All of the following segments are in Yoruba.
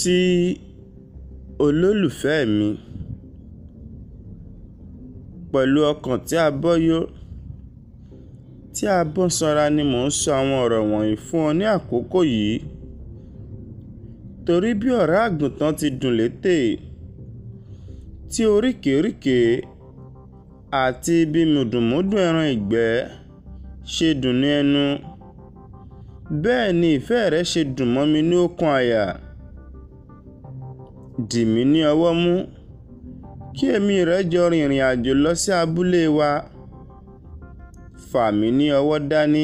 sí olólùfẹ́ mi pẹ̀lú ọkàn tí a bọ́ yó tí a bọ́ sanra ni mò ń sọ àwọn ọ̀rọ̀ wọ̀nyí fún ọ ní àkókò yìí torí bí ọ̀rá àgùntàn ti dùn létè tí oríkèéríkèé àti bí mùdùmúdù ẹran ìgbẹ́ ṣe dùn ní ẹnu bẹ́ẹ̀ ni ìfẹ́ rẹ ṣe dùn mọ́ mi ní okùn àyà dì mí ní ọwọ́ mú kí èmi rẹ̀ jọ rìnrìn àjò lọ sí abúlé wa fà mí ní ọwọ́ dání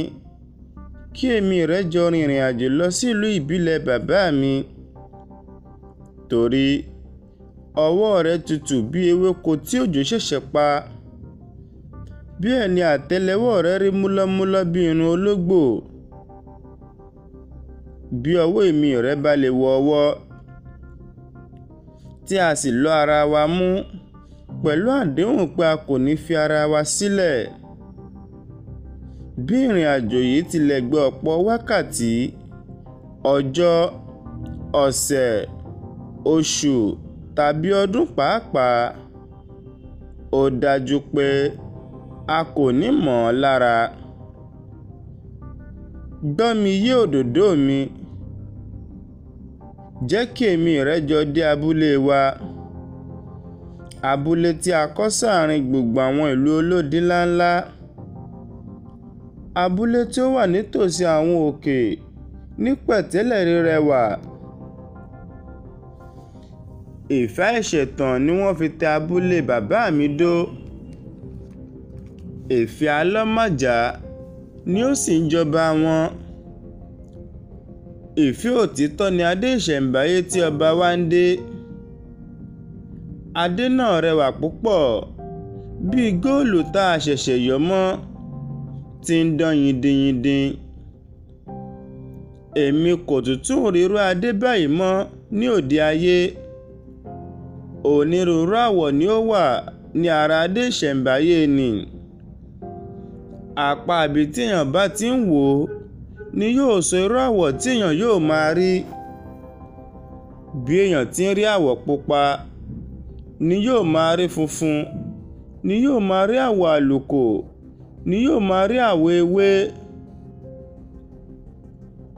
kí èmi rẹ̀ jọ rìnrìn àjò lọ sílùú ìbílẹ̀ bàbá mi torí ọwọ́ rẹ̀ tutù bí ewéko tí òjò ṣẹ̀ṣẹ̀ pa bí ẹni àtẹ́lẹwọ́ rẹ̀ rí múlọ́múlọ́ bí irun ológbò bí ọwọ́ èmi rẹ̀ bá lè wọ ọwọ́ tí a sì lọ́ ara wa mú pẹ̀lú àdéhùn pé a kò ní fi ara wa sílẹ̀ bí ìrìn àjò yìí tilẹ̀ gbé ọ̀pọ̀ wákàtí ọjọ́ ọ̀sẹ̀ oṣù tàbí ọdún pàápàá ó dájú pé a kò ní mọ̀ ọ́ lára gbọ́ mi yé òdòdó mi jẹ́ kí èmi rẹ jọ dé abúlé wa abúlé tí a kọ́ sáàrin gbogbo àwọn ìlú olódi ńláńlá abúlé tí ó wà nítòsí àwọn òkè ní pẹ̀tẹ́lẹ̀ rírẹwà ìfẹ́ ìṣẹ̀tàn ni wọ́n fi tẹ abúlé bàbá mi dó ìfẹ́ alọ́mọjà ni ó sì ń jọba wọn ìfẹ́ òtítọ́ ni adé ìṣẹ̀ǹbáyé tí ọba wa ń dé adé náà rẹwà púpọ̀ bíi góòlù tá a ṣẹ̀ṣẹ̀ yọ mọ́ ti ń dán yindínyindín èmi kò tuntun rírú adé báyìí mọ́ ní òde ayé onírúurú àwọ̀ ni ó wà ní ara adé ìṣẹ̀ǹbáyé ni àpá àbí tíyàn bá ti ń wò ó ni yóò sọ irú àwọ̀ tí èèyàn yóò máa rí bí èèyàn ti ń rí àwọ̀ pupa ni yóò máa rí funfun ni yóò máa rí àwọ̀ àlùkò ni yóò máa rí àwọ̀ ewé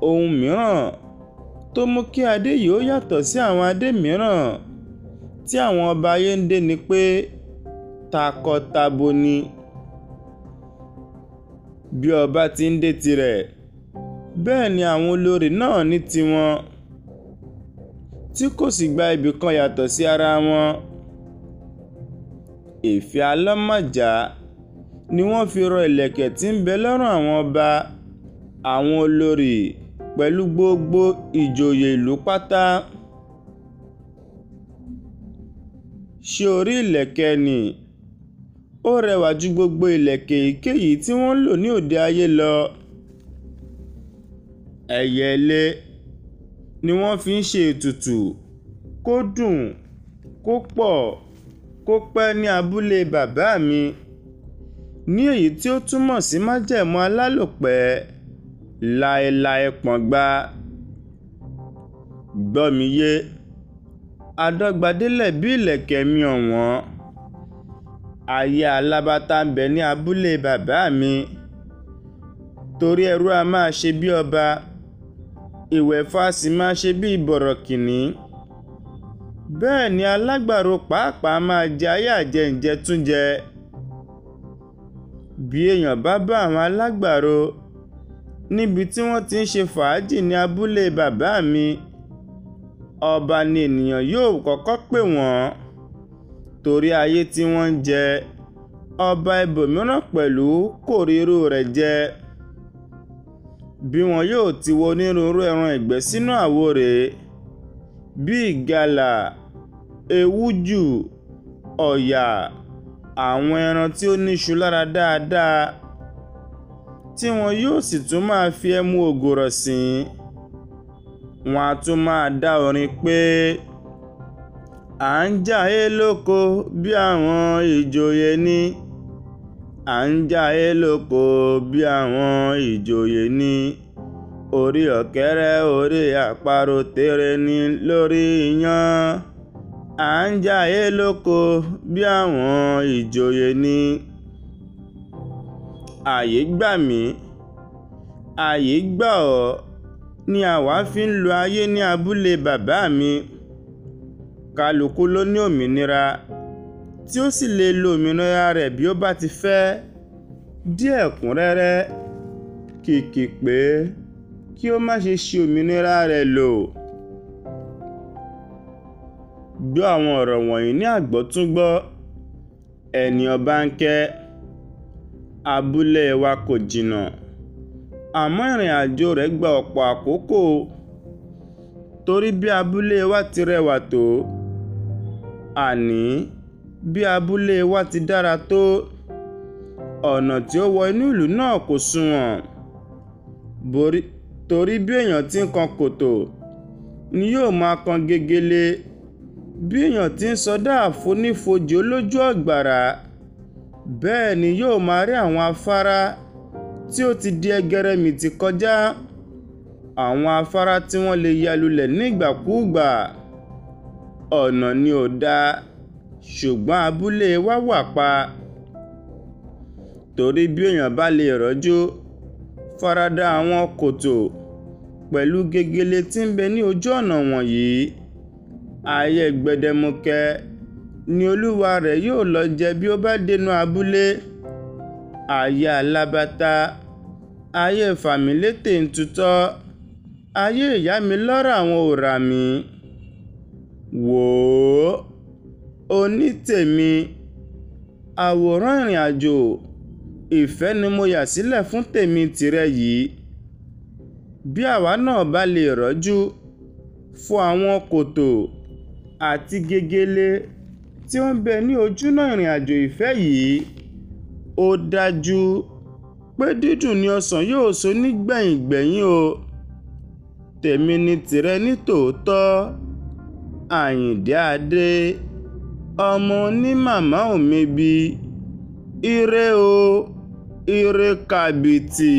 ohun mìíràn tó mú kí adé yìí ó yàtọ̀ sí àwọn adé mìíràn tí àwọn ọba ayé ń dé ni pé takọtabo ni bí ọba ti ń dé tirẹ̀ bẹ́ẹ̀ ni àwọn olórí náà ní tiwọn tí kò sì gba ibì kan yàtọ̀ sí ara wọn èéfì alámàjá ni wọ́n fi rọ ìlẹ̀kẹ̀ tí ń bẹ lọ́rùn àwọn ọba àwọn olórí pẹ̀lú gbogbo ìjòyè ìlú pátá ṣé orí ìlẹ̀kẹ̀ ni ó rẹwà ju gbogbo ìlẹ̀kẹ̀ èyíkéyìí tí wọ́n ń lò ní òde ayé lọ ẹ̀yẹlé ni wọ́n fi ń ṣe ètùtù kó dùn kó pọ̀ kó pẹ́ ní abúlé bàbá mi ní èyí tí ó túmọ̀ sí májẹ̀mú alálòpẹ́ láéláé pọ̀ngbà gbọ́ mi yé adọ́gbadélẹ̀ bí ìlẹ̀kẹ̀ mi ọ̀wọ́n ayé alábàtà ń bẹ ní abúlé bàbá mi torí ẹrú a máa ṣe bí ọba ìwẹ̀fà sì máa ṣe bí ìbọ̀rọ̀ kìnní bẹ́ẹ̀ ni alágbàro pàápàá máa jẹ ayé àjẹǹjẹtúnjẹ bí èèyàn bá bá àwọn alágbàro níbi tí wọ́n ti ń ṣe fàájì ní abúlé bàbá mi ọba ni ènìyàn yóò kọ́kọ́ pè wọ́n torí ayé tí wọ́n ń jẹ ọba ibòmíràn pẹ̀lú kò rí irú rẹ̀ jẹ bí wọn yóò ti wọ onírúurú ẹran ìgbẹ́ sínú àwo rèé bíi ìgalà ewújù ọ̀yà àwọn ẹran tí ó níṣu lára dáadáa tí wọn yóò sì tún máa fi ẹmu ògòrò sìn wọn a tún máa dá orin pé à ń jà é lóko bí àwọn ìjòyè ni à ń jayé e lóko bí àwọn ìjòyè ni orí ọ̀kẹ́rẹ́ orí àparò tèrè ni lórí iyán à ń jayé e lóko bí àwọn ìjòyè ni àyè gbà mí àyè gbà ọ́ ni àwa fi ń lo ayé ní abúlé bàbá mi kálukú ló ní òmìnira tí ó sì lè lo òmìnira rẹ̀ bí ó bá ti fẹ́ díẹ̀ kúnrẹ́rẹ́ kìkì pé kí ó má ṣe ṣi òmìnira rẹ̀ lò gbọ́ àwọn ọ̀rọ̀ wọ̀nyí ní àgbọ́túngbọ́ ẹni ọba ń kẹ́ abúlé wa kò jìnnà àmọ́ ìrìn àjò rẹ̀ gba ọ̀pọ̀ àkókò torí bí abúlé wa ti rẹwà tó àní bí abúlé wa ti dára tó ọ̀nà tí ó wọ inú ìlú náà kò sunwọ̀n torí bí èèyàn ti ń kan kòtò ni yóò máa kan gegele bí èèyàn ti ń sọdá àfonífojì olójú ọ̀gbàrà bẹ́ẹ̀ ni yóò máa rí àwọn afárá tí ó ti di ẹgẹrẹmìtì kọjá àwọn afárá tí wọ́n lè yalulẹ̀ nígbàkúùgbà ọ̀nà ni ò dáa ṣùgbọ́n abúlé wa wà pa torí bí èèyàn bá lè rọ́jú farada àwọn kòtò pẹ̀lú gegele tí ń bẹ ní ojú ọ̀nà wọ̀nyí ayé gbẹdẹmukẹ ni olúwa rẹ̀ yóò lọ jẹ bí ó bá dénú abúlé ayé alábàtà ayé fàmílétè ń ayé ìyá mi lọ́rọ̀ àwọn òrà mi wòó onítèmi àwòrán ìrìnàjò ìfẹ́ ni mo yà sílẹ̀ fún tèmi tìrẹ yìí bí àwa náà bá lè rọ́jú fọ àwọn kòtò àti gegele tí ó ń bẹ ní ojúnà ìrìnàjò ìfẹ́ yìí ó dájú pé dídùn ni ọsàn yóò so nígbẹ̀yìn gbẹ̀yìn o tèmi ni tìrẹ ní tòótọ́ Àyìndé Adé ọmọ onímàmá ò mebi ire o ire kàbìtì